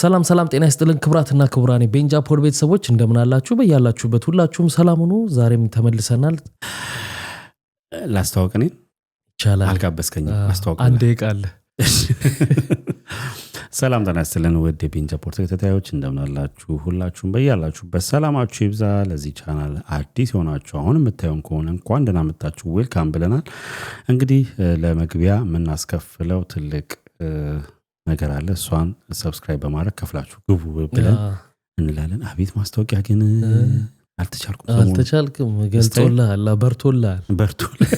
ሰላም ሰላም፣ ጤና ይስጥልን ክብራትና ክቡራን ቤንጃ ፖድ ቤተሰቦች እንደምን አላችሁ? በያላችሁበት ሁላችሁም ሰላም ሁኑ። ዛሬም ተመልሰናል። ላስተዋወቅ እኔን ይቻላል፣ አልጋበዝከኝም። አስተዋወቅ አንዴ ቃል ሰላም ጤና ይስጥልን ውድ የቤንጃ ፖድ ተከታታዮች እንደምን አላችሁ? ሁላችሁም በያላችሁበት ሰላማችሁ ይብዛ። ለዚህ ቻናል አዲስ የሆናችሁ አሁን የምታዩን ከሆነ እንኳን ደህና መጣችሁ፣ ዌልካም ብለናል። እንግዲህ ለመግቢያ የምናስከፍለው ትልቅ ነገር አለ። እሷን ሰብስክራይብ በማድረግ ከፍላችሁ ግቡ ብለን እንላለን። አቤት ማስታወቂያ ግን አልተቻልኩም፣ አልተቻልክም። በርቶልሃል፣ በርቶልሃል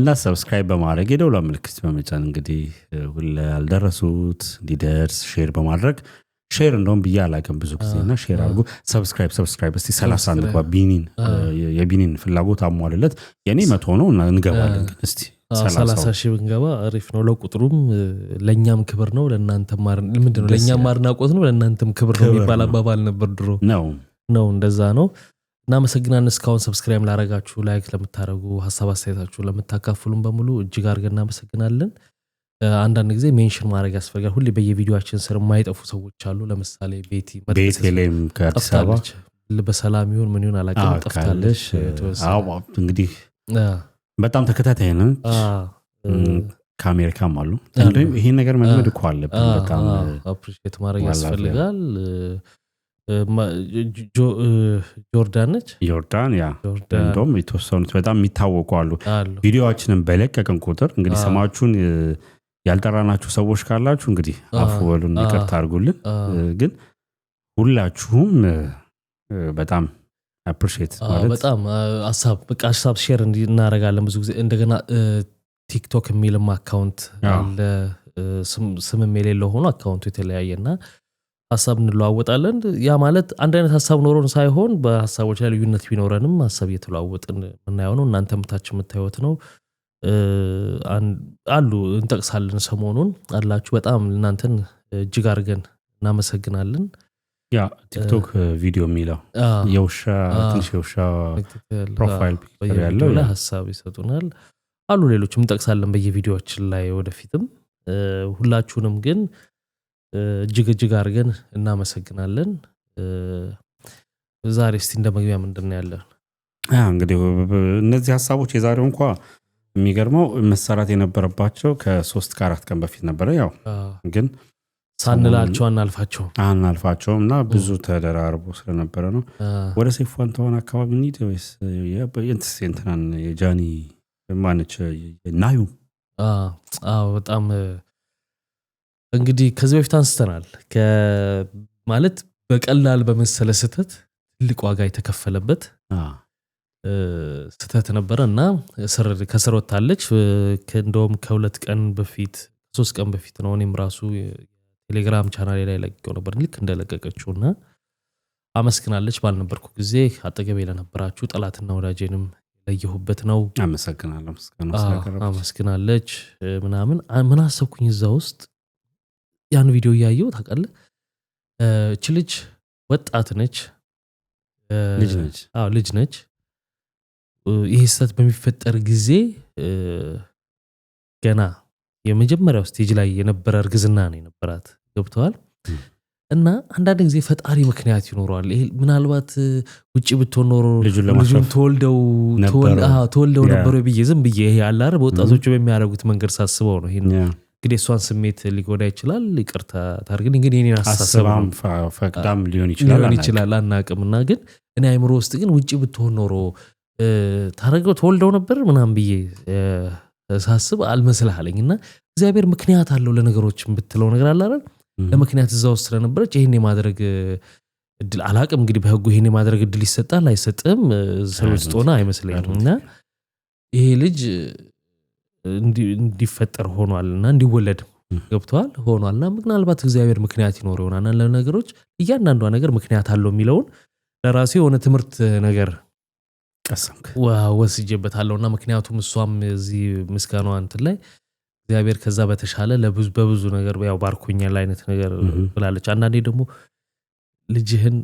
እና ሰብስክራይብ በማድረግ የደውላ ምልክት በመጫን እንግዲህ ያልደረሱት እንዲደርስ ሼር በማድረግ ሼር እንደውም ብዬ አላውቅም ብዙ ጊዜ እና ሼር አድርጎ ሰብስክራይብ ሰብስክራይብ እስኪ ሰላሳ እንግባ ቢኒን የቢኒን ፍላጎት አሟልለት የኔ መቶ ነው እንገባለን ግን እስቲ ሰላሳ ሺህ ብንገባ አሪፍ ነው። ለቁጥሩም ለእኛም ክብር ነው፣ ለእናንተም ምንድን ነው ለእኛም አድናቆት ነው፣ ለእናንተም ክብር ነው የሚባል አባባል ነበር ድሮ ነው ነው እንደዛ ነው። እናመሰግናለን። እስካሁን ሰብስክራይብ ላረጋችሁ፣ ላይክ ለምታደረጉ፣ ሀሳብ አስተያየታችሁ ለምታካፍሉን በሙሉ እጅግ አድርገን እናመሰግናለን። አንዳንድ ጊዜ ሜንሽን ማድረግ ያስፈልጋል። ሁሌ በየቪዲዮችን ስር የማይጠፉ ሰዎች አሉ። ለምሳሌ ቤቲ ቤተልሔም ከአዲስ አበባ በሰላም ይሁን ምን ይሁን አላውቅም ጠፍታለች። እንግዲህ በጣም ተከታታይ ነው ከአሜሪካም አሉ እንዲሁም ነገር መልመድ እኮ አለብንበጣምት ማድረግ ያስፈልጋል ጆርዳን ነች ጆርዳን ያ እንደም የተወሰኑት በጣም የሚታወቁ አሉ ቪዲዮዎችንም በለቀቅን ቁጥር እንግዲህ ስማችሁን ያልጠራናችሁ ሰዎች ካላችሁ እንግዲህ አፉ በሉን ይቅርታ አርጉልን ግን ሁላችሁም በጣም አፕሪሼት በጣም ሀሳብ በቃ ሀሳብ ሼር እናደርጋለን ብዙ ጊዜ እንደገና ቲክቶክ የሚልም አካውንት አለ ስምም የሌለው ሆኖ አካውንቱ የተለያየ እና ሀሳብ እንለዋወጣለን ያ ማለት አንድ አይነት ሀሳብ ኖሮን ሳይሆን በሀሳቦች ላይ ልዩነት ቢኖረንም ሀሳብ እየተለዋወጥን የምናየው ነው እናንተ ምታች የምታዩት ነው አሉ እንጠቅሳለን ሰሞኑን አላችሁ በጣም እናንተን እጅግ አድርገን እናመሰግናለን ያ ቲክቶክ ቪዲዮ የሚለው የውሻ ትንሽ የውሻ ፕሮፋይል ያለው ሀሳብ ይሰጡናል አሉ ሌሎችም እንጠቅሳለን በየቪዲዮችን ላይ ወደፊትም ሁላችሁንም ግን እጅግ እጅግ አድርገን እናመሰግናለን ዛሬ እስቲ እንደ መግቢያ ምንድን ያለን እንግዲህ እነዚህ ሀሳቦች የዛሬው እንኳ የሚገርመው መሰራት የነበረባቸው ከሶስት ከአራት ቀን በፊት ነበረ ያው ግን ሳንላቸው አናልፋቸው አናልፋቸው እና ብዙ ተደራርቦ ስለነበረ ነው። ወደ ሴፍ ፋንታሁን አካባቢ እንሂድ ወይስ የጃኒ ማነች ናዩ? በጣም እንግዲህ ከዚህ በፊት አንስተናል። ማለት በቀላል በመሰለ ስህተት ትልቅ ዋጋ የተከፈለበት ስህተት ነበረ እና ከስር ወታለች እንደውም ከሁለት ቀን በፊት ሶስት ቀን በፊት ነው እኔም ራሱ ቴሌግራም ቻናሌ ላይ ለቀው ነበር ልክ እንደለቀቀችው እና አመስግናለች። ባልነበርኩ ጊዜ አጠገቤ ለነበራችሁ ጠላትና ወዳጄንም ለየሁበት ነው። አመስግናለች ምናምን ምን አሰብኩኝ እዛ ውስጥ ያን ቪዲዮ እያየው ታቃለ እች ልጅ ወጣት ነች፣ ልጅ ነች። ይህ ስተት በሚፈጠር ጊዜ ገና የመጀመሪያው ስቴጅ ላይ የነበረ እርግዝና ነው የነበራት። ገብተዋል እና አንዳንድ ጊዜ ፈጣሪ ምክንያት ይኖረዋል። ይሄ ምናልባት ውጭ ብትሆን ኖሮ ልጁን ተወልደው ተወልደው ነበረ ብዬ ዝም ብዬ ይሄ አላር በወጣቶቹ በሚያደርጉት መንገድ ሳስበው ነው። ይሄን እንግዲህ እሷን ስሜት ሊጎዳ ይችላል። ይቅርታ ታርግን ግን ይህን አስተሳሰብ ሊሆን ይችላል አናቅም። እና ግን እኔ አይምሮ ውስጥ ግን ውጭ ብትሆን ኖሮ ታረገው ተወልደው ነበር ምናም ብዬ ሳስብ አልመስልህ አለኝ እና እግዚአብሔር ምክንያት አለው ለነገሮች ብትለው ነገር አለ ለምክንያት እዛ ውስጥ ስለነበረች ይህን የማድረግ እድል አላቅም እንግዲህ በህጉ ይህን የማድረግ እድል ይሰጣል አይሰጥም ስለ ውስጥ ሆነ አይመስለኝም እና ይሄ ልጅ እንዲፈጠር ሆኗል እና እንዲወለድ ገብተዋል ሆኗል እና ምናልባት እግዚአብሔር ምክንያት ይኖር ይሆናል ለነገሮች እያንዳንዷ ነገር ምክንያት አለው የሚለውን ለራሴ የሆነ ትምህርት ነገር ቀሰምክ እና ምክንያቱም እሷም እዚህ ምስጋናዋ እንትን ላይ እግዚአብሔር ከዛ በተሻለ በብዙ ነገር ያው ባርኮኛል አይነት ነገር ብላለች። አንዳንዴ ደግሞ ልጅህን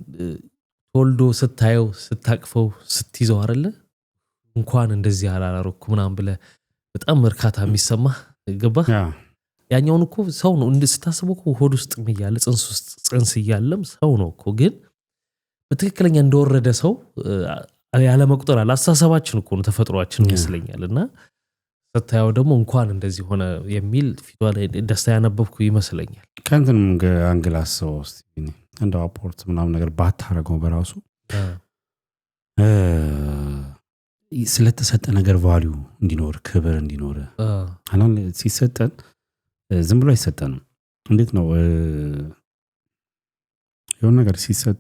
ተወልዶ ስታየው ስታቅፈው ስትይዘው አለ እንኳን እንደዚህ አላላረኩ ምናም ብለ በጣም እርካታ የሚሰማ ገባ። ያኛውን እኮ ሰው ነው ስታስበው እኮ ሆድ ውስጥ እያለ ፅንስ እያለም ሰው ነው እኮ ግን በትክክለኛ እንደወረደ ሰው ያለመቁጠር አለ። አስተሳሰባችን እኮ ነው ተፈጥሯችን ይመስለኛል። እና ስታየው ደግሞ እንኳን እንደዚህ ሆነ የሚል ፊቷ ላይ ደስታ ያነበብኩ ይመስለኛል። ከንትን አንግል አስበው ስ እንደ አፖርት ምናምን ነገር ባታረገው በራሱ ስለተሰጠ ነገር ቫሊዩ እንዲኖር ክብር እንዲኖር አሁን ሲሰጠን ዝም ብሎ አይሰጠንም። እንዴት ነው የሆነ ነገር ሲሰጥ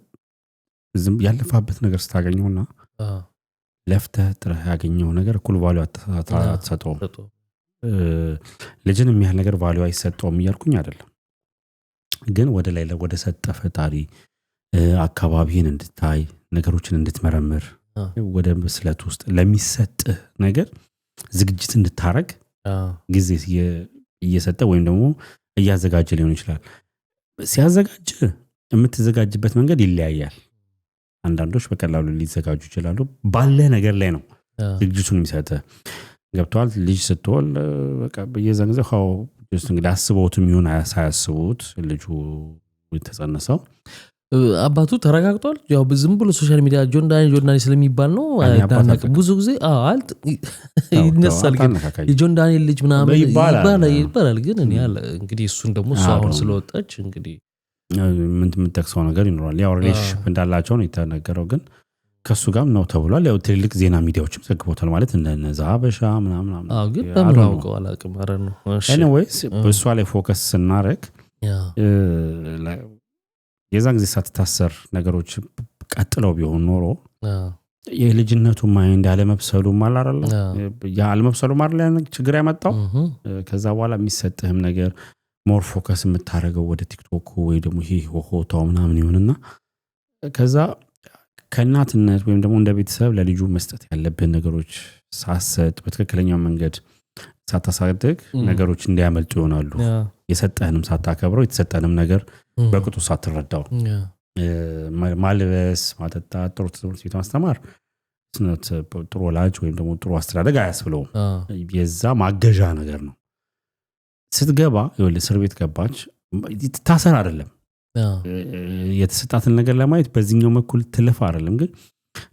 ያለፋበት ነገር ስታገኘውና ለፍተህ ጥረህ ያገኘው ነገር እኩል ቫሉ አትሰጠውም። ልጅን የሚያህል ነገር ቫሉ አይሰጠውም እያልኩኝ አይደለም፣ ግን ወደ ላይ ወደ ሰጠ ፈጣሪ አካባቢህን እንድታይ ነገሮችን እንድትመረምር ወደ ምስለት ውስጥ ለሚሰጥህ ነገር ዝግጅት እንድታረግ ጊዜ እየሰጠ ወይም ደግሞ እያዘጋጀ ሊሆን ይችላል። ሲያዘጋጅ የምትዘጋጅበት መንገድ ይለያያል። አንዳንዶች በቀላሉ ሊዘጋጁ ይችላሉ። ባለ ነገር ላይ ነው ዝግጅቱን የሚሰጠ ገብተዋል። ልጅ ስትወል በየዘንግዘ እንግዲህ አስበውትም ይሁን ሳያስቡት ልጁ የተጸነሰው አባቱ ተረጋግጧል። ያው ዝም ብሎ ሶሻል ሚዲያ ጆንዳ ጆንዳኒ ስለሚባል ነው ብዙ ጊዜ ይነሳል። ግን የጆንዳኔ ልጅ ምናምን ይባላል። ግን እንግዲህ እሱን ደግሞ እሱ አሁን ስለወጣች እንግዲህ ምን የምጠቅሰው ነገር ይኖራል። ያው ሪሌሽንሽፕ እንዳላቸው ነው የተነገረው፣ ግን ከእሱ ጋም ነው ተብሏል። ያው ትልልቅ ዜና ሚዲያዎችም ዘግቦታል ማለት እነዛ በሻ ምናምናግን በእሷ ላይ ፎከስ ስናደረግ የዛን ጊዜ ሳትታሰር ነገሮች ቀጥለው ቢሆን ኖሮ የልጅነቱ ማይንድ አለመብሰሉ አላረለ አለመብሰሉ ማር ችግር ያመጣው ከዛ በኋላ የሚሰጥህም ነገር ሞር ፎከስ የምታደርገው ወደ ቲክቶኩ ወይ ደግሞ ይሄ ሆሆታው ምናምን ይሆንና ከዛ ከእናትነት ወይም ደግሞ እንደ ቤተሰብ ለልጁ መስጠት ያለብን ነገሮች ሳሰጥ በትክክለኛው መንገድ ሳታሳድግ ነገሮች እንዲያመልጡ ይሆናሉ። የሰጠህንም ሳታከብረው የተሰጠንም ነገር በቅጡ ሳትረዳው ማልበስ፣ ማጠጣት፣ ጥሩ ትምህርት ቤት ማስተማር ጥሩ ወላጅ ወይም ደግሞ ጥሩ አስተዳደግ አያስብለውም። የዛ ማገዣ ነገር ነው። ስትገባ እስር ቤት ገባች። ታሰር አይደለም የተሰጣትን ነገር ለማየት በዚህኛው መኩል ትልፍ አይደለም ግን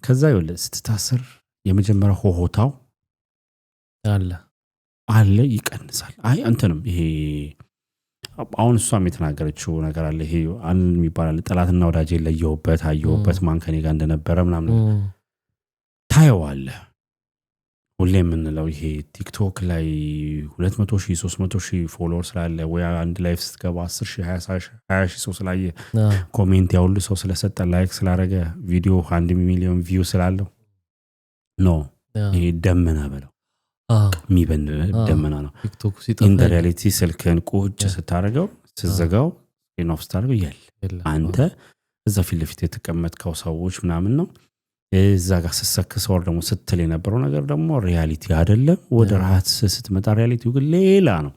ከዛ ይወለ ስትታሰር የመጀመሪያ ሆሆታው አለ አለ ይቀንሳል። አይ አንተንም ይሄ አሁን እሷም የተናገረችው ነገር አለ ይሄ አንድ የሚባላል ጠላትና ወዳጅ ለየውበት አየውበት ማን ከኔ ጋር እንደነበረ ምናምን ታየዋለህ ሁሌ የምንለው ይሄ ቲክቶክ ላይ 200 ሺህ 300 ሺህ ፎሎወር ስላለ ወይ አንድ ላይፍ ስትገባ 10 ሺህ 20 ሺህ ሰው ስላየ ኮሜንት ያሁሉ ሰው ስለሰጠ ላይክ ስላረገ ቪዲዮ አንድ ሚሊዮን ቪው ስላለው ኖ ይሄ ደመና በለው የሚበን ደመና ነው። ኢን ሪያሊቲ ስልክን ቁጭ ስታደርገው ስዘጋው ኖፍ ስታደርገው ያለ አንተ እዛ ፊት ለፊት የተቀመጥከው ሰዎች ምናምን ነው እዛ ጋር ስሰክ ሰወር ደግሞ ስትል የነበረው ነገር ደግሞ ሪያሊቲ አይደለም። ወደ ረሃት ስትመጣ ሪያሊቲ ግን ሌላ ነው።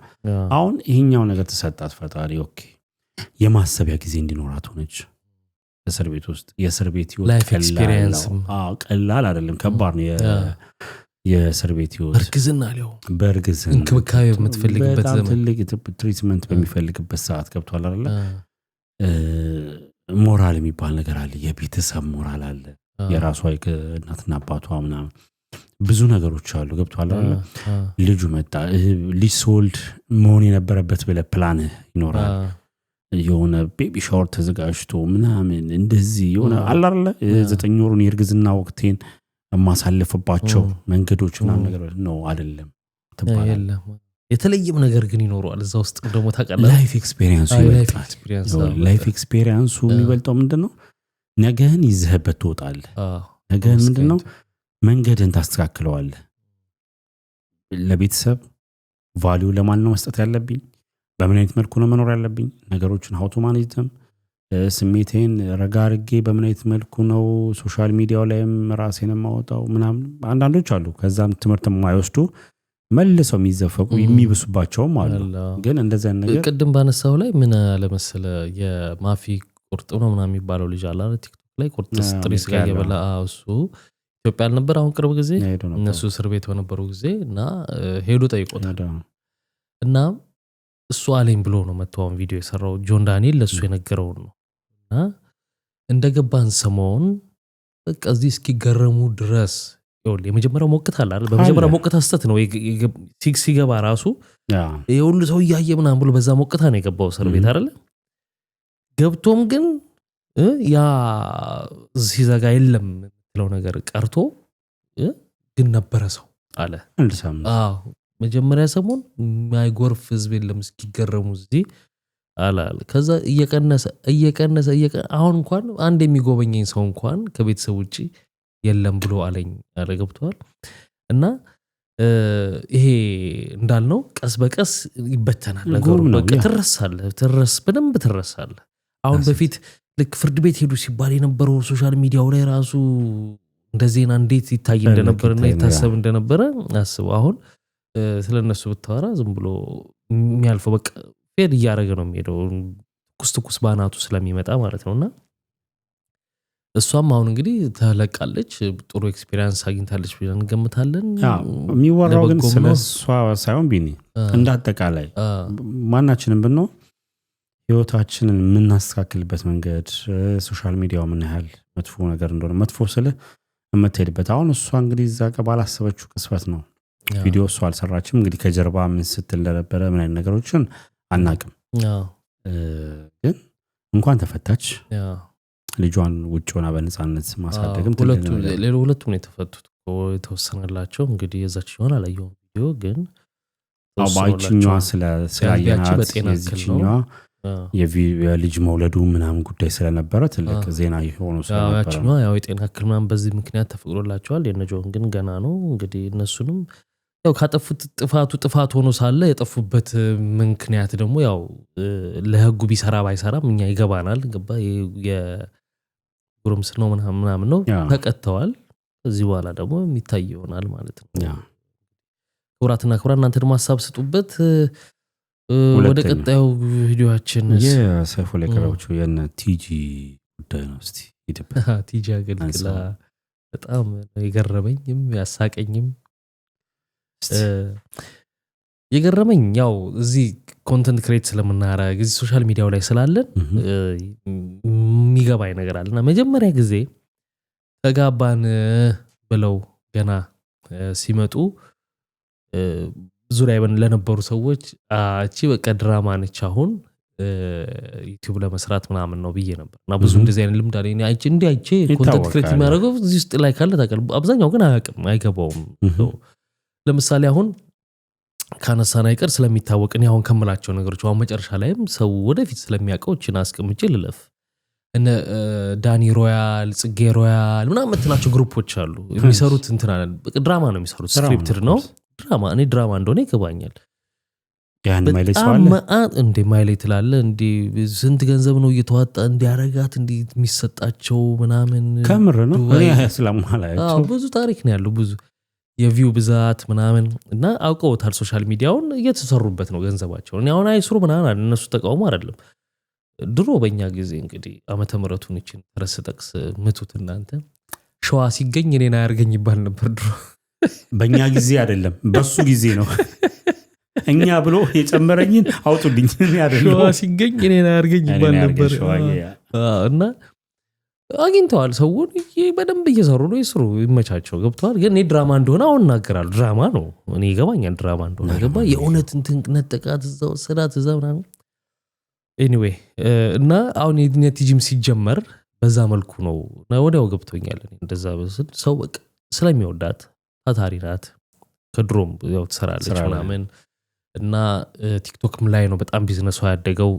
አሁን ይሄኛው ነገር ተሰጣት ፈጣሪ። ኦኬ የማሰቢያ ጊዜ እንዲኖራት ሆነች እስር ቤት ውስጥ። የእስር ቤት ህይወት ቀላል አይደለም፣ ከባድ ነው። የእስር ቤት ህይወት በእርግዝና ሊሆን በእርግዝና እንክብካቤ በምትፈልግበት ትልቅ ትሪትመንት በሚፈልግበት ሰዓት ገብቷል አለ። ሞራል የሚባል ነገር አለ፣ የቤተሰብ ሞራል አለ የራሷ እናትና አባቷ ምናምን ብዙ ነገሮች አሉ። ገብቶሃል። ልጁ መጣ፣ ልጅ መሆን የነበረበት ብለ ፕላን ይኖራል። የሆነ ቤቢ ሻወር ተዘጋጅቶ ምናምን እንደዚህ የሆነ አላለ ዘጠኝ ወሩን የእርግዝና ወቅቴን የማሳልፍባቸው መንገዶች ምናምን ነገር ነው አደለም የተለየም ነገር ግን ይኖረዋል እዛ ውስጥ ደግሞ ታውቃለህ። ኤክስፔሪንሱ ይበልጣል። ላይፍ ኤክስፔሪንሱ የሚበልጠው ምንድን ነው? ነገህን ይዘህበት ትወጣለህ። ነገህን ምንድን ነው መንገድህን ታስተካክለዋለህ። ለቤተሰብ ቫሊዩ ለማን ነው መስጠት ያለብኝ? በምን አይነት መልኩ ነው መኖር ያለብኝ? ነገሮችን ሀውቱ ማኔጅም ስሜቴን ረጋ አርጌ በምን አይነት መልኩ ነው ሶሻል ሚዲያው ላይም ራሴን የማወጣው ምናምን። አንዳንዶች አሉ ከዛም ትምህርት የማይወስዱ መልሰው የሚዘፈቁ የሚብሱባቸውም አሉ። ግን እንደዚያ ነገር ቅድም ባነሳው ላይ ምን አለመሰለ የማፊ ቁርጥ ነው ምናምን የሚባለው ልጅ አለ ቲክቶክ ላይ ቁርጥ ጥሬ ስጋ እየበላ እሱ ኢትዮጵያ አልነበር። አሁን ቅርብ ጊዜ እነሱ እስር ቤት በነበሩ ጊዜ እና ሄዱ ጠይቆታል እና እሱ አለኝ ብሎ ነው መተዋን ቪዲዮ የሰራው። ጆን ዳንኤል ለእሱ የነገረውን ነው እና እንደገባን ሰሞን በቃ እዚህ እስኪገረሙ ድረስ የመጀመሪያው ሞቅት አለ በመጀመሪያ ሞቅት አስተት ነው ነው ሲገባ ራሱ የሁሉ ሰው እያየ ምናምን ብሎ በዛ ሞቅታ ነው የገባው እስር ቤት ገብቶም ግን ያ ሲዘጋ የለም የምትለው ነገር ቀርቶ ግን ነበረ ሰው አለ። መጀመሪያ ሰሞን የማይጎርፍ ህዝብ የለም እስኪገረሙ እዚህ አላል። ከዛ እየቀነሰ እየቀነሰ አሁን እንኳን አንድ የሚጎበኘኝ ሰው እንኳን ከቤተሰብ ውጭ የለም ብሎ አለኝ አለ። ገብተዋል እና ይሄ እንዳልነው ቀስ በቀስ ይበተናል ነገሩ። ትረስ በደንብ ትረሳለህ። አሁን በፊት ልክ ፍርድ ቤት ሄዱ ሲባል የነበረው ሶሻል ሚዲያው ላይ ራሱ እንደ ዜና እንዴት ይታይ እንደነበረና ይታሰብ እንደነበረ አስበው። አሁን ስለ ብታወራ ዝም ብሎ የሚያልፈው በቃ ፌድ እያደረገ ነው የሚሄደው ትኩስ ትኩስ በአናቱ ስለሚመጣ ማለት ነው እና እሷም አሁን እንግዲህ ተለቃለች። ጥሩ ኤክስፔሪንስ አግኝታለች ብለን እንገምታለን። የሚወራው ግን ስለ እሷ ሳይሆን ቢኒ እንዳጠቃላይ ማናችንም ብንሆን ህይወታችንን የምናስተካክልበት መንገድ ሶሻል ሚዲያው ምን ያህል መጥፎ ነገር እንደሆነ መጥፎ ስለ የምትሄድበት አሁን እሷ እንግዲህ እዛ ቀ ባላሰበችው ቅስበት ነው ቪዲዮ እሷ አልሰራችም። እንግዲህ ከጀርባ ምን ስትል እንደነበረ ምን አይነት ነገሮችን አናቅም። ግን እንኳን ተፈታች ልጇን ውጭ ሆና በነፃነት ማሳደግም ሁለቱም ነው የተፈቱት። የተወሰነላቸው እንግዲህ የዛች ሆን አላየውም ቪዲዮ ግን በአይችኛዋ ስላየናት የዚችኛዋ የልጅ መውለዱ ምናምን ጉዳይ ስለነበረ ትልቅ ዜና የሆኑ ስለነበረ የጤና እክል ምናምን በዚህ ምክንያት ተፈቅዶላቸዋል። የነጆን ግን ገና ነው እንግዲህ እነሱንም ያው ካጠፉት ጥፋቱ ጥፋት ሆኖ ሳለ የጠፉበት ምክንያት ደግሞ ያው ለህጉ ቢሰራ ባይሰራም እኛ ይገባናል። ገባ ነው ምናምን ነው ተቀጥተዋል። ከዚህ በኋላ ደግሞ የሚታይ ይሆናል ማለት ነው። ክቡራትና ክቡራን እናንተ ደግሞ ሀሳብ ስጡበት። ወደ ቀጣዩ ቪዲዮችን የሰይፉ ላይ ቀረበች የነ ቲጂ ጉዳይ ነው። ስ ቲጂ አገልግላ በጣም የገረመኝም ያሳቀኝም የገረመኝ ያው እዚህ ኮንተንት ክሬት ስለምናረግ እዚህ ሶሻል ሚዲያው ላይ ስላለን የሚገባኝ ነገር አለ እና መጀመሪያ ጊዜ ተጋባን ብለው ገና ሲመጡ ዙሪያዬን ለነበሩ ሰዎች እቺ በቃ ድራማ ነች አሁን ዩቲብ ለመስራት ምናምን ነው ብዬ ነበር እና ብዙ እንደዚህ አይነት ልምድ አለኝ። አይቼ እንዲህ አይቼ ኮንተንት ክሬት የሚያደርገው እዚህ ውስጥ ላይ ካለ ታቀል አብዛኛው ግን አያቅም አይገባውም። ለምሳሌ አሁን ካነሳን አይቀር ስለሚታወቅ እኔ አሁን ከምላቸው ነገሮች አሁን መጨረሻ ላይም ሰው ወደፊት ስለሚያውቀው እችን አስቀምጬ ልለፍ። እነ ዳኒ ሮያል፣ ጽጌ ሮያል ምናምን ምትናቸው ግሩፖች አሉ። የሚሰሩት እንትን ድራማ ነው የሚሰሩት፣ ስክሪፕትድ ነው ድራማ እኔ ድራማ እንደሆነ ይገባኛል መአት እንዴ ማይሌ ትላለ እንዴ ስንት ገንዘብ ነው እየተዋጣ እንዲያረጋት እንዲ የሚሰጣቸው ምናምን ከምር ነው ብዙ ታሪክ ነው ያለው ብዙ የቪው ብዛት ምናምን እና አውቀውታል ሶሻል ሚዲያውን እየተሰሩበት ነው ገንዘባቸውን አሁን አይስሩ ምናምን እነሱ ተቃውሞ አይደለም ድሮ በእኛ ጊዜ እንግዲህ አመተ ምረቱን ይችን ረስ ጠቅስ ምቱት እናንተ ሸዋ ሲገኝ እኔን አያርገኝ ይባል ነበር ድሮ በእኛ ጊዜ አይደለም፣ በሱ ጊዜ ነው። እኛ ብሎ የጨመረኝን አውጡልኝ። ሸዋ ሲገኝ እኔን አያርገኝ ይባል ነበር እና አግኝተዋል። ሰውን በደንብ እየሰሩ ነው፣ ይስሩ፣ ይመቻቸው። ገብተዋል። ግን እኔ ድራማ እንደሆነ አሁን እናገራለሁ። ድራማ ነው፣ እኔ ይገባኛል። ድራማ እንደሆነ ገባ። የእውነት እንትን ነጠቃት፣ እዛ ወሰዳት፣ እዛ ምናምን። ኤኒዌይ እና አሁን የነቲጂም ሲጀመር በዛ መልኩ ነው ወዲያው ገብቶኛል። እንደዛ ሰው በቃ ስለሚወዳት ታታሪ ናት። ከድሮም ያው ትሰራለች ምናምን እና ቲክቶክም ላይ ነው በጣም ቢዝነሷ ያደገው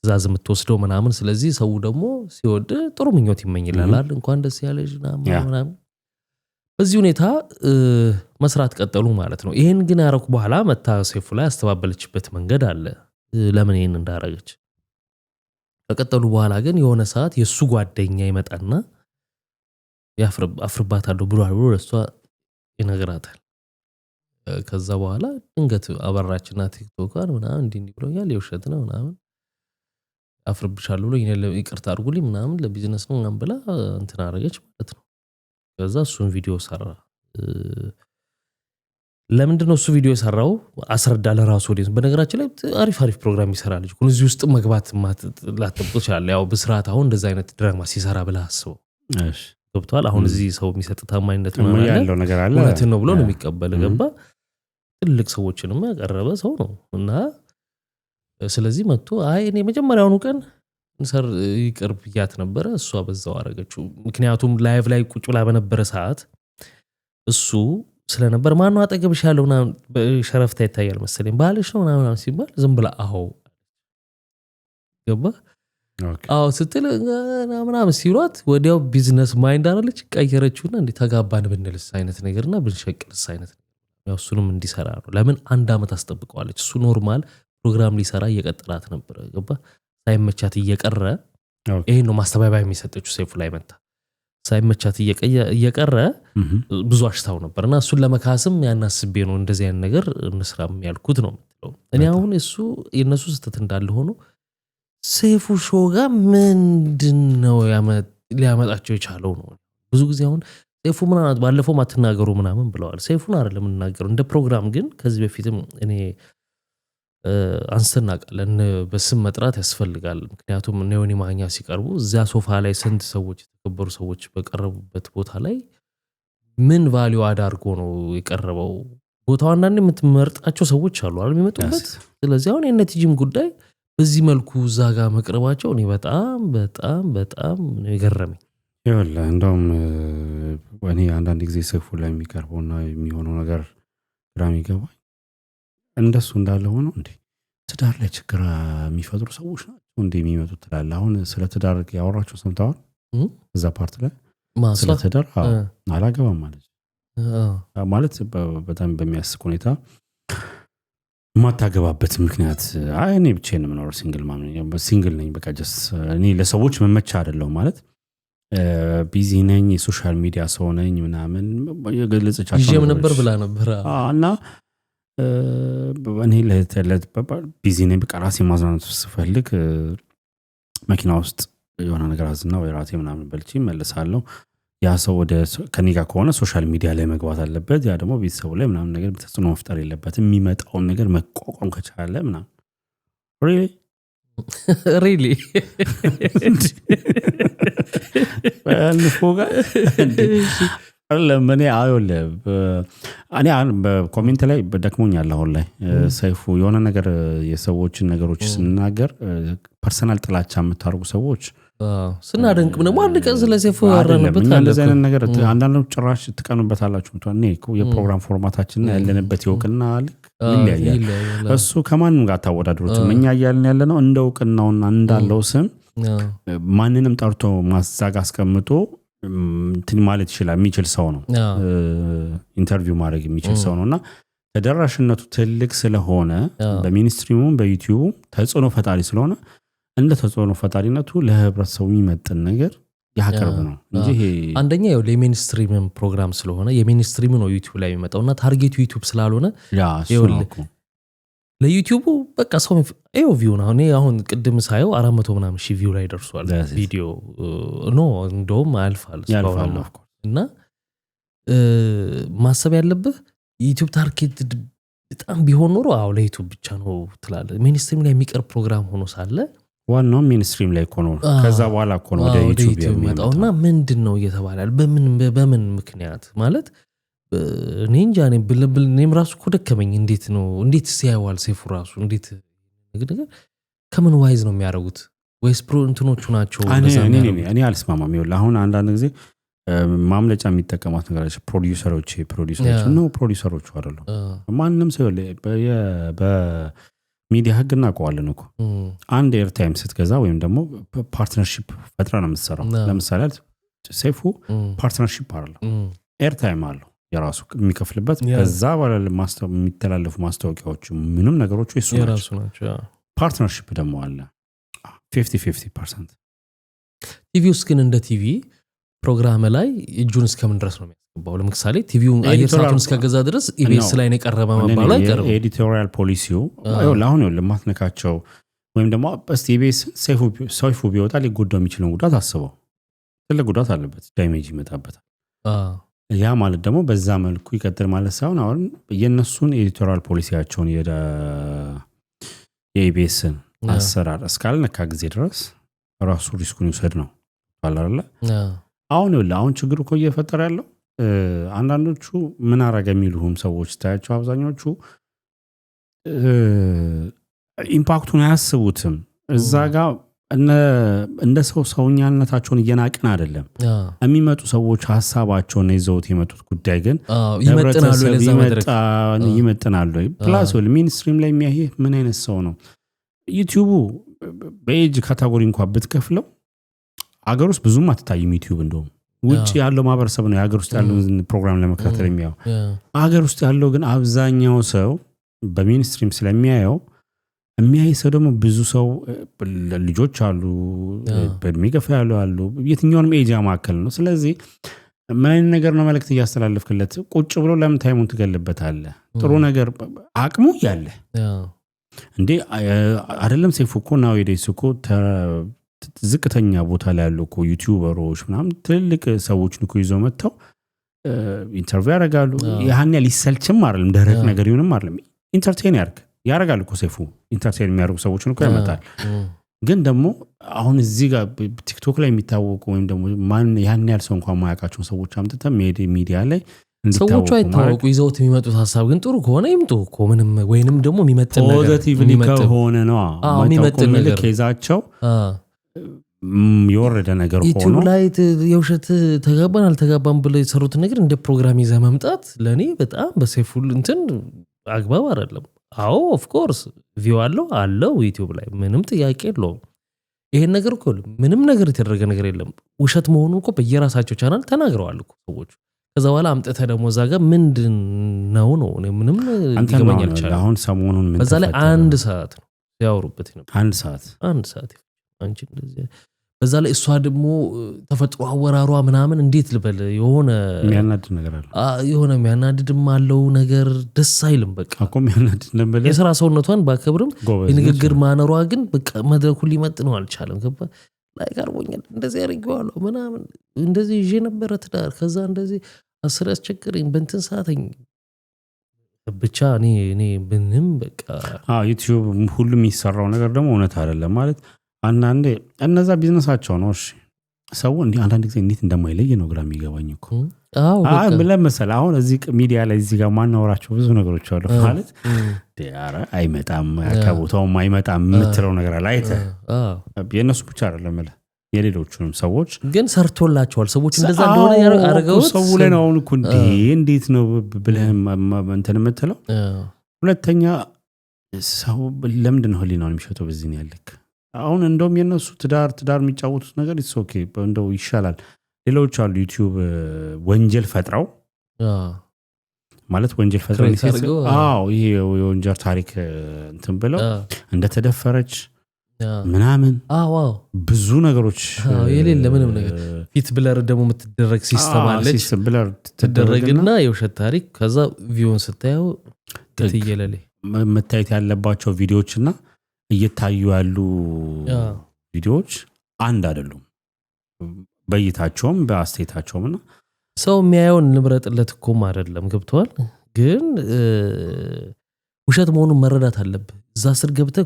ትእዛዝ የምትወስደው ምናምን። ስለዚህ ሰው ደግሞ ሲወድ ጥሩ ምኞት ይመኝላላል እንኳን ደስ ያለች ምናምን። በዚህ ሁኔታ መስራት ቀጠሉ ማለት ነው። ይህን ግን ያረኩ በኋላ መታ ሴፉ ላይ ያስተባበለችበት መንገድ አለ፣ ለምን ይህን እንዳረገች ከቀጠሉ በኋላ ግን የሆነ ሰዓት የእሱ ጓደኛ ይመጣና አፍርባት አለሁ ብሎ ለሷ ይነግራታል። ከዛ በኋላ ድንገት አበራችና ቲክቶኳን ምናምን እንዲህ እንዲህ ብሎኛል የውሸት ነው ምናምን አፍርብሻለሁ ብሎ ይቅርታ አድርጉልኝ ምናምን ለቢዝነስ ነው ምናምን ብላ እንትን አደረገች ማለት ነው። ከዛ እሱን ቪዲዮ ሰራ። ለምንድን ነው እሱ ቪዲዮ የሰራው? አስረዳ ለራሱ ወደ በነገራችን ላይ አሪፍ አሪፍ ፕሮግራም ይሰራ ልጅ እዚህ ውስጥ መግባት ላትብቅ ትችላለ። ያው ብስራት አሁን እንደዚ አይነት ድራማ ሲሰራ ብለህ አስበው ገብተዋል። አሁን እዚህ ሰው የሚሰጥ ታማኝነት ነገር ነው ብሎ ነው የሚቀበል ገባ ትልቅ ሰዎችንም ያቀረበ ሰው ነው እና ስለዚህ መጥቶ አይ እኔ መጀመሪያውኑ ቀን ሰር ይቅር ብያት ነበረ፣ እሷ በዛው አረገችው። ምክንያቱም ላይቭ ላይ ቁጭ ብላ በነበረ ሰዓት እሱ ስለነበር ማነው አጠገብሽ ያለው ሸረፍታ ይታያል መሰለኝ ባልሽ ነው ሲባል ዝም ብላ አሁ ገባ አዎ ስትል ምናምን ሲሏት ወዲያው ቢዝነስ ማይንድ አለች ቀየረችውና እንደ ተጋባን ብንልስ አይነት ነገርና ብንሸቅልስ አይነት ያው እሱንም እንዲሰራ ነው። ለምን አንድ ዓመት አስጠብቀዋለች። እሱ ኖርማል ፕሮግራም ሊሰራ እየቀጠላት ነበረ። ገባ ሳይመቻት እየቀረ ይሄን ነው ማስተባበያ የሚሰጠችው ሴፉ ላይ መታ ሳይመቻት እየቀረ ብዙ አሽታው ነበር እና እሱን ለመካስም ያናስቤ ነው እንደዚህ አይነት ነገር እንስራም ያልኩት ነው የምትለው። እኔ አሁን እሱ የእነሱ ስህተት እንዳለ ሆኖ ሰይፉ ሾ ጋር ምንድን ነው ሊያመጣቸው የቻለው ነው? ብዙ ጊዜ አሁን ሰይፉ ምናምን ባለፈው አትናገሩ ምናምን ብለዋል። ሰይፉን አይደለም የምናገረው እንደ ፕሮግራም ግን ከዚህ በፊትም እኔ አንስተን እናውቃለን። በስም መጥራት ያስፈልጋል። ምክንያቱም እነ ዮኒ ማኛ ሲቀርቡ እዚያ ሶፋ ላይ ስንት ሰዎች የተከበሩ ሰዎች በቀረቡበት ቦታ ላይ ምን ቫሊዩ አዳርጎ ነው የቀረበው? ቦታው አንዳንድ የምትመርጣቸው ሰዎች አሉ የሚመጡበት። ስለዚህ አሁን የነቲጂም ጉዳይ በዚህ መልኩ እዛ ጋር መቅረባቸው እኔ በጣም በጣም በጣም የገረመኝ። ይኸውልህ እንደውም እኔ አንዳንድ ጊዜ ስፉ ላይ የሚቀርበውና የሚሆነው ነገር ግራ የሚገባኝ እንደሱ እንዳለ ሆነው እንዴ ትዳር ላይ ችግር የሚፈጥሩ ሰዎች ናቸው እንዴ የሚመጡት ትላለህ። አሁን ስለ ትዳር ያወራቸው ሰምተዋል። እዛ ፓርት ላይ ስለ ትዳር አላገባም ማለት ማለት በጣም በሚያስቅ ሁኔታ የማታገባበት ምክንያት እኔ ብቻ ነው ሲንግል ሲንግል ነኝ። በቃ ጀስ እኔ ለሰዎች መመቻ አይደለሁም ማለት ቢዚ ነኝ፣ የሶሻል ሚዲያ ሰው ነኝ ምናምን የገለጸቻቸው ነበር ብላ ነበር እና እኔ ለተለት ቢዚ ነኝ። በቃ ራሴ ማዝናናት ስፈልግ መኪና ውስጥ የሆነ ነገር አዝና ወይ ራሴ ምናምን በልቼ መልሳለሁ ያ ሰው ወደ ከኔ ጋር ከሆነ ሶሻል ሚዲያ ላይ መግባት አለበት። ያ ደግሞ ቤተሰቡ ላይ ምናምን ነገር ተጽዕኖ መፍጠር የለበትም። የሚመጣውን ነገር መቋቋም ከቻለ ምናምን ሪሊ ልፎ እኔ በኮሜንት ላይ ደክሞኛል። አሁን ላይ ሰይፉ የሆነ ነገር የሰዎችን ነገሮች ስንናገር ፐርሰናል ጥላቻ የምታደርጉ ሰዎች ስናደንቅም ደግሞ አንድ ቀን ስለ ሴፎ እንደዚህ አይነት ነገር አንዳንዶች ጭራሽ ትቀኑበት አላችሁ። እኔ የፕሮግራም ፎርማታችንና ያለንበት ይወቅና ልክ ይለያያል። እሱ ከማንም ጋር አታወዳድሩትም። እኛ እያልን ያለ ነው እንደ እውቅናውና እንዳለው ስም ማንንም ጠርቶ ማዛግ አስቀምጦ እንትን ማለት ይችላል የሚችል ሰው ነው፣ ኢንተርቪው ማድረግ የሚችል ሰው ነው እና ተደራሽነቱ ትልቅ ስለሆነ በሚኒስትሪሙም በዩቲዩብ ተጽዕኖ ፈጣሪ ስለሆነ እንደ ተጽዕኖ ፈጣሪነቱ ለህብረተሰቡ የሚመጥን ነገር ያቀርብ ነው እንጂ አንደኛ ያው ለሜንስትሪም ፕሮግራም ስለሆነ የሜንስትሪም ነው ዩቲዩብ ላይ የሚመጣው እና ታርጌቱ ዩቱብ ስላልሆነ ለዩቲዩቡ በቃ ሰው ው ቪውን አሁን አሁን ቅድም ሳየው አራት መቶ ምናም ሺህ ቪው ላይ ደርሷል ቪዲዮ ኖ እንደውም አያልፋል እና ማሰብ ያለብህ ዩቲዩብ ታርኬት በጣም ቢሆን ኖሮ አዎ ለዩቱብ ብቻ ነው ትላለ ሚኒስትሪም ላይ የሚቀር ፕሮግራም ሆኖ ሳለ ዋናው ሜንስትሪም ላይ ኮኖ ከዛ በኋላ ኮኖ ወደ ዩቲዩብ እና ምንድን ነው እየተባላል በምን በምን ምክንያት ማለት እኔ እንጃ ብልብል እኔም ራሱ እኮ ደከመኝ። እንዴት ነው እንዴት ሲያየዋል ሴፉ ራሱ እንዴት ከምን ዋይዝ ነው የሚያደርጉት? ወይስ ፕሮ እንትኖቹ ናቸው? እኔ አልስማማም። ይኸውልህ አሁን አንዳንድ ጊዜ ማምለጫ የሚጠቀሟት ነገራቸው ፕሮዲሰሮች ፕሮዲሰሮች ነው ፕሮዲሰሮቹ አደለም ማንም ሰው ሚዲያ ህግ እናውቀዋለን እኮ አንድ ኤርታይም ስትገዛ ወይም ደግሞ ፓርትነርሺፕ ፈጥረ ነው የምትሰራው። ለምሳሌ ሴፉ ፓርትነርሺፕ አለ ኤርታይም አለው የራሱ የሚከፍልበት በዛ በላይ የሚተላለፉ ማስታወቂያዎቹ ምንም ነገሮቹ የሱ ናቸው። ፓርትነርሺፕ ደግሞ አለ ፐርሰንት። ቲቪ ውስጥ ግን እንደ ቲቪ ፕሮግራም ላይ እጁን እስከምን ድረስ ነው የሚገባው። ለምሳሌ ቲቪውን አየር ሰዓቱን እስከገዛ ድረስ ኢቤስ ላይ የቀረበ መባሉ አይቀርም። ኤዲቶሪያል ፖሊሲው አሁን ልማትነካቸው ወይም ደግሞ ስ ኢቢኤስ ሰይፉ ቢወጣ ሊጎዳው የሚችለውን ጉዳት አስበው፣ ትልቅ ጉዳት አለበት፣ ዳሜጅ ይመጣበታል። ያ ማለት ደግሞ በዛ መልኩ ይቀጥል ማለት ሳይሆን አሁን የእነሱን ኤዲቶሪያል ፖሊሲያቸውን የኢቤስን አሰራር እስካልነካ ጊዜ ድረስ ራሱ ሪስኩን ይውሰድ ነው አላለ። አሁን አሁን ችግሩ እኮ እየፈጠረ ያለው አንዳንዶቹ ምን አረገ የሚሉህም ሰዎች ስታያቸው አብዛኞቹ ኢምፓክቱን አያስቡትም። እዛ ጋር እንደ ሰው ሰውኛነታቸውን እየናቅን አይደለም። የሚመጡ ሰዎች ሀሳባቸውን ይዘውት የመጡት ጉዳይ ግን ይመጥናሉ። ፕላስ ሚኒስትሪም ላይ የሚያ ምን አይነት ሰው ነው? ዩቲዩቡ በኤጅ ካታጎሪ እንኳ ብትከፍለው አገር ውስጥ ብዙም አትታይም ዩቲዩብ እንደውም ውጭ ያለው ማህበረሰብ ነው የሀገር ውስጥ ያለው ፕሮግራም ለመከታተል የሚያው ሀገር ውስጥ ያለው ግን አብዛኛው ሰው በሚኒስትሪም ስለሚያየው የሚያይ ሰው ደግሞ ብዙ ሰው ልጆች አሉ፣ በሚገፋ ያሉ አሉ፣ የትኛውንም ኤጅ ማዕከል ነው። ስለዚህ ምን አይነት ነገር ነው መልእክት እያስተላለፍክለት? ቁጭ ብሎ ለምን ታይሙን ትገልበታለህ? ጥሩ ነገር አቅሙ እያለ እንዴ አደለም ሴፉ እኮ ናዊ ዴስ እኮ ዝቅተኛ ቦታ ላይ ያሉ እኮ ዩቲዩበሮች ምናም ትልልቅ ሰዎችን እኮ ይዘው መጥተው ኢንተርቪው ያደርጋሉ። ያህን ያል ይሰልችም አለም ደረቅ ነገር ይሁንም አለም ኢንተርቴን ያርግ ያደርጋል እኮ ሴፉ ኢንተርቴን የሚያደርጉ ሰዎችን እኮ ያመጣል። ግን ደግሞ አሁን እዚህ ጋር ቲክቶክ ላይ የሚታወቁ ወይም ደግሞ ማን ያን ያል ሰው እንኳ ማያውቃቸውን ሰዎች አምጥተ ሚዲያ ላይ ሰዎቹ አይታወቁ ይዘውት የሚመጡት ሀሳብ ግን ጥሩ ከሆነ ይምጡ እኮ ምንም ወይንም ደግሞ የሚመጥን ነገር ፖዘቲቭ ከሆነ ነው የሚመጥን ነገር ኬዛቸው የወረደ ነገር ሆኖ ላይ የውሸት ተጋባን አልተጋባን ብለው የሰሩትን ነገር እንደ ፕሮግራም ይዘ መምጣት ለእኔ በጣም በሴፉል እንትን አግባብ አይደለም። አዎ ኦፍኮርስ ቪ አለው አለው ዩቲዩብ ላይ ምንም ጥያቄ የለውም። ይሄን ነገር እኮ ምንም ነገር የተደረገ ነገር የለም። ውሸት መሆኑ እኮ በየራሳቸው ቻናል ተናግረዋል እኮ ሰዎች። ከዛ በኋላ አምጥተህ ደግሞ እዛ ጋር ምንድን ነው ነው ምንም ሊገባኝ አሁን ሰሞኑን በዛ ላይ አንድ ሰዓት ነው ሲያወሩበት አንድ ሰዓት አንድ ሰዓት አንቺ እንደዚህ በዛ ላይ እሷ ደግሞ ተፈጥሮ አወራሯ ምናምን እንዴት ልበል የሆነ የሚያናድድ ነገር አለ። የሆነ የሚያናድድም አለው ነገር ደስ አይልም። በቃ የስራ ሰውነቷን ባከብርም የንግግር ማነሯ ግን መድረኩ ሊመጥ ነው አልቻለም። ላይ ቀርቦኛል እንደዚህ አድርጌዋለሁ ምናምን እንደዚህ ይዤ ነበረ ትዳር ከዛ እንደዚህ አስር ያስቸግረኝ በንትን ሰዓተኝ ብቻ እኔ ምንም በቃ ዩቲዩብ ሁሉም የሚሰራው ነገር ደግሞ እውነት አይደለም ማለት አንዳንዴ እነዛ ቢዝነሳቸው ነው። እሺ ሰው እንዲህ አንዳንድ ጊዜ እንዴት እንደማይለይ ነው ግራ የሚገባኝ እኮ ለመሰለህ። አሁን እዚህ ሚዲያ ላይ እዚህ ጋር ማናወራቸው ብዙ ነገሮች አሉ። ማለት አይመጣም ከቦታውም አይመጣም የምትለው ነገር አለ። አይተህ የእነሱ ብቻ አይደለም የሌሎቹንም ሰዎች ግን ሰርቶላቸዋል። ሰዎች እንደዛ እንደሆነ ያደረገውት ሰው ላይ ነው። አሁን እኮ እንዴ እንዴት ነው ብለህም እንትን የምትለው ሁለተኛ ሰው ለምንድን ነው ህሊናውን የሚሸጠው? በዚህ ያልክ አሁን እንደውም የነሱ ትዳር ትዳር የሚጫወቱት ነገር ኢትስ ኦኬ እንደው ይሻላል። ሌሎች አሉ ዩቲዩብ ወንጀል ፈጥረው ማለት ወንጀል ፈጥረው ይሄ የወንጀል ታሪክ እንትን ብለው እንደተደፈረች ምናምን ብዙ ነገሮች የሌለ ምንም ነገር ፊት ብለር ደግሞ የምትደረግ ሲስተም አለች። ብለር ትደረግና የውሸት ታሪክ ከዛ ቪዮን ስታየው ትየለሌ መታየት ያለባቸው ቪዲዮዎች እና እየታዩ ያሉ ቪዲዮዎች አንድ አይደሉም። በይታቸውም በአስተየታቸውም ና ሰው የሚያየውን ንብረጥለት እኮም አይደለም ገብተዋል። ግን ውሸት መሆኑን መረዳት አለብ እዛ ስር ገብተ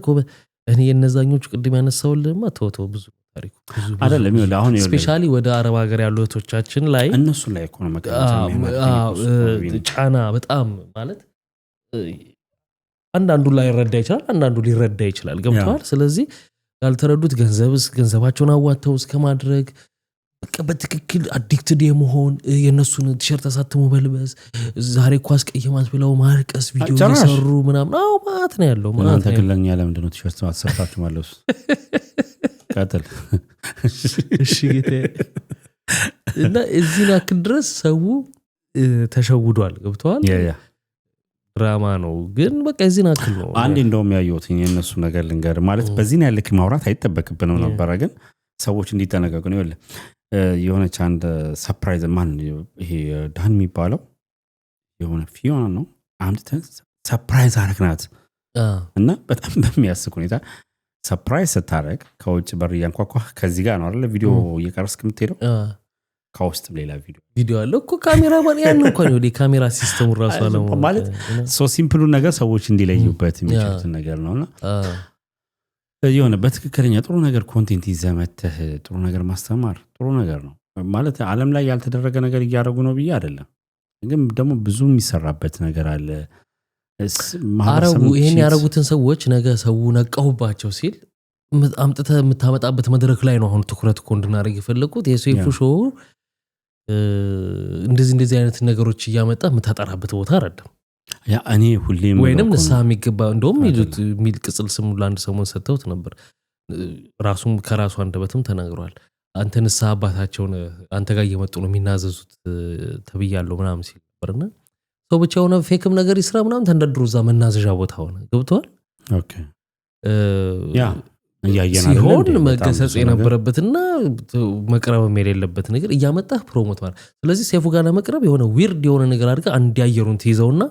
እኔ የነዛኞቹ ቅድም ያነሳውልህማ ተወተው ብዙ ታሪኩ ስፔሻሊ ወደ አረብ ሀገር ያሉ እህቶቻችን ላይ እነሱ ላይ ጫና በጣም ማለት አንዳንዱ ላይረዳ ይችላል፣ አንዳንዱ ሊረዳ ይችላል። ገብተዋል። ስለዚህ ያልተረዱት ገንዘብስ ገንዘባቸውን አዋተው እስከ ማድረግ በቃ በትክክል አዲክትድ የመሆን የእነሱን ቲሸርት አሳትሞ መልበስ ዛሬ ኳስ ቀየማት ብለው ማርቀስ ቪዲዮ የሰሩ ምናምን አዎ ማለት ነው ያለው። እናንተ ግለኛ ለምንድነው ቲሸርት አትሰርታችሁ ማለብሱ? ቀጥል እሺ። እና እዚህን ያክል ድረስ ሰው ተሸውዷል። ገብተዋል ድራማ ነው ግን በቃ የዚህን አክል ነው። አንድ እንደውም ያየሁት የእነሱ ነገር ልንገር ማለት በዚህን ያልክ ማውራት አይጠበቅብንም ነበረ፣ ግን ሰዎች እንዲጠነቀቁ ነው። ይኸውልህ የሆነች አንድ ሰፕራይዝ ማን ይሄ ዳን የሚባለው የሆነ ፊዮና ነው አንድ ሰፕራይዝ አረግናት እና በጣም በሚያስቅ ሁኔታ ሰፕራይዝ ስታረግ ከውጭ በር እያንኳኳ ከዚህ ጋር ነው አለ ቪዲዮ እየቀረስ ከምትሄደው ከውስጥም ሌላ ቪዲዮ ቪዲዮ አለ እኮ ካሜራ ማን ያን እንኳን ወደ ካሜራ ሲስተሙ ራሱ ማለት ሰው ሲምፕሉን ነገር ሰዎች እንዲለዩበት የሚችሉትን ነገር ነውና የሆነ በትክክለኛ ጥሩ ነገር ኮንቴንት ይዘመተህ ጥሩ ነገር ማስተማር ጥሩ ነገር ነው ማለት አለም ላይ ያልተደረገ ነገር እያደረጉ ነው ብዬ አይደለም ግን ደግሞ ብዙ የሚሰራበት ነገር አለ ይህን ያረጉትን ሰዎች ነገ ሰው ነቀሁባቸው ሲል አምጥተ የምታመጣበት መድረክ ላይ ነው አሁን ትኩረት እኮ እንድናደርግ የፈለግኩት የሴፉ ሾው እንደዚህ እንደዚህ አይነት ነገሮች እያመጣ የምታጠራበት ቦታ አይደለም። ያ እኔ ሁሌ ወይንም ንስ የሚገባ እንደውም ሄዱት የሚል ቅጽል ስሙ ለአንድ ሰሞን ሰጥተውት ነበር። ራሱም ከራሱ አንደበትም ተናግሯል። አንተ ንስ አባታቸውን አንተ ጋር እየመጡ ነው የሚናዘዙት ተብያለሁ ምናምን ሲል ነበርና ሰው ብቻ የሆነ ፌክም ነገር ይስራ ምናምን ተንደድሮ እዛ መናዘዣ ቦታ ሆነ ገብተዋል። ሲሆን መገሰጽ የነበረበትና መቅረብም የሌለበት ነገር እያመጣህ ፕሮሞት ማለት። ስለዚህ ሴፉ ጋር ለመቅረብ የሆነ ዊርድ የሆነ ነገር አድርገ እንዲያየሩን ትይዘውና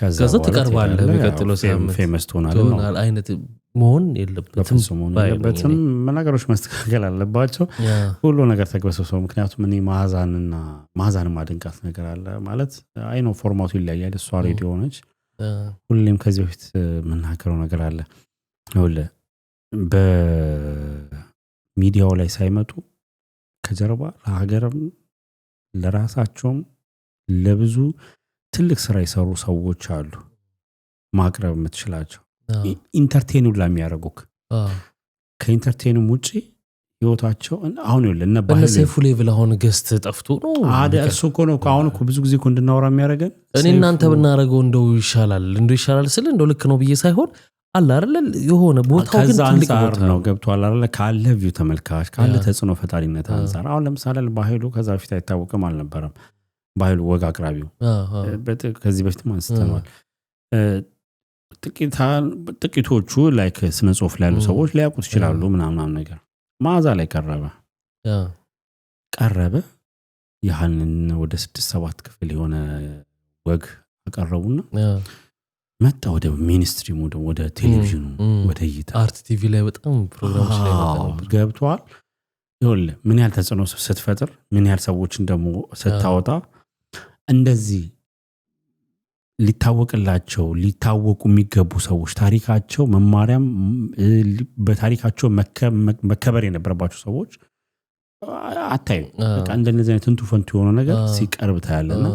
ከዛ ትቀርባለህ። የሚቀጥለው ፌመስ አይነት መሆን የለበትምበትም ነገሮች መስተካከል አለባቸው። ሁሉ ነገር ተግበሰብሰው። ምክንያቱም እኔ ማዛንና ማዛን ማድንቃት ነገር አለ ማለት አይ ፎርማቱ ይለያያል። እሷ ሬዲዮ ሆነች። ሁሌም ከዚህ በፊት የምናገረው ነገር አለ በሚዲያው ላይ ሳይመጡ ከጀርባ ለሀገርም ለራሳቸውም ለብዙ ትልቅ ስራ የሰሩ ሰዎች አሉ። ማቅረብ የምትችላቸው ኢንተርቴኑ ላሚያደረጉክ ከኢንተርቴኑም ውጭ ህይወታቸው አሁን ይኸውልህ እነ ሌቭል አሁን ገስት ጠፍቶ ነው። እሱ እኮ ነው አሁን እኮ ብዙ ጊዜ እንድናወራ የሚያደረገን እኔ እናንተ ብናደረገው እንደው ይሻላል እንደው ይሻላል ስል እንደው ልክ ነው ብዬ ሳይሆን አለ የሆነ ቦታው ግን አንጻር ነው ገብቷል አይደለ ካለ ቪው ተመልካች ካለ ተጽዕኖ ፈጣሪነት አንጻር አሁን ለምሳሌ ባህሉ ከዛ በፊት አይታወቅም አልነበረም ባህሉ ወግ አቅራቢው ከዚህ በፊት አንስተነዋል ጥቂቶቹ ላይክ ስነ ጽሁፍ ላይ ያሉ ሰዎች ሊያውቁት ይችላሉ ምናምናም ነገር ማዛ ላይ ቀረበ ቀረበ ያህንን ወደ ስድስት ሰባት ክፍል የሆነ ወግ አቀረቡና መጣ ወደ ሚኒስትሪሙ ወደ ቴሌቪዥኑ ወደ እይታ አርት ቲቪ ላይ በጣም ፕሮግራሞች ላይ ገብተዋል። ምን ያህል ተጽዕኖ ስትፈጥር ምን ያህል ሰዎችን ደግሞ ስታወጣ እንደዚህ ሊታወቅላቸው ሊታወቁ የሚገቡ ሰዎች ታሪካቸው መማሪያም በታሪካቸው መከበር የነበረባቸው ሰዎች አታዩ። በቃ እንደነዚህ አይነት ፈንቱ የሆነ ነገር ሲቀርብ ታያለና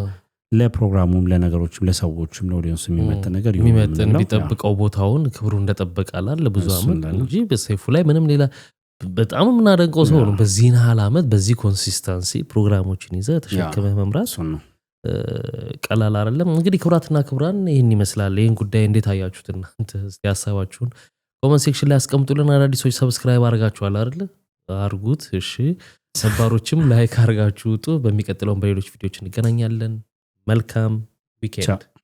ለፕሮግራሙም ለነገሮችም ለሰዎችም ለኦዲንስ የሚመጥ ነገር የሚመጥን የሚጠብቀው ቦታውን ክብሩ እንደጠበቃላል ለብዙ አመት እንጂ በሰይፉ ላይ ምንም ሌላ በጣም የምናደንቀው ሰው ነው። በዚህን ያህል ዓመት በዚህ ኮንሲስተንሲ ፕሮግራሞችን ይዘ ተሸክመ መምራት ቀላል አይደለም። እንግዲህ ክብራትና ክብራን ይህን ይመስላል። ይህን ጉዳይ እንዴት አያችሁት እናንተ? እስኪ ኮመን ሴክሽን ላይ አስቀምጡልን። አዳዲሶች ሰብስክራይብ አርጋችኋል አይደለ? አርጉት እሺ። ሰባሮችም ላይክ አርጋችሁ ውጡ። በሚቀጥለውን በሌሎች ቪዲዮች እንገናኛለን። Malcolm Weekend. Ciao.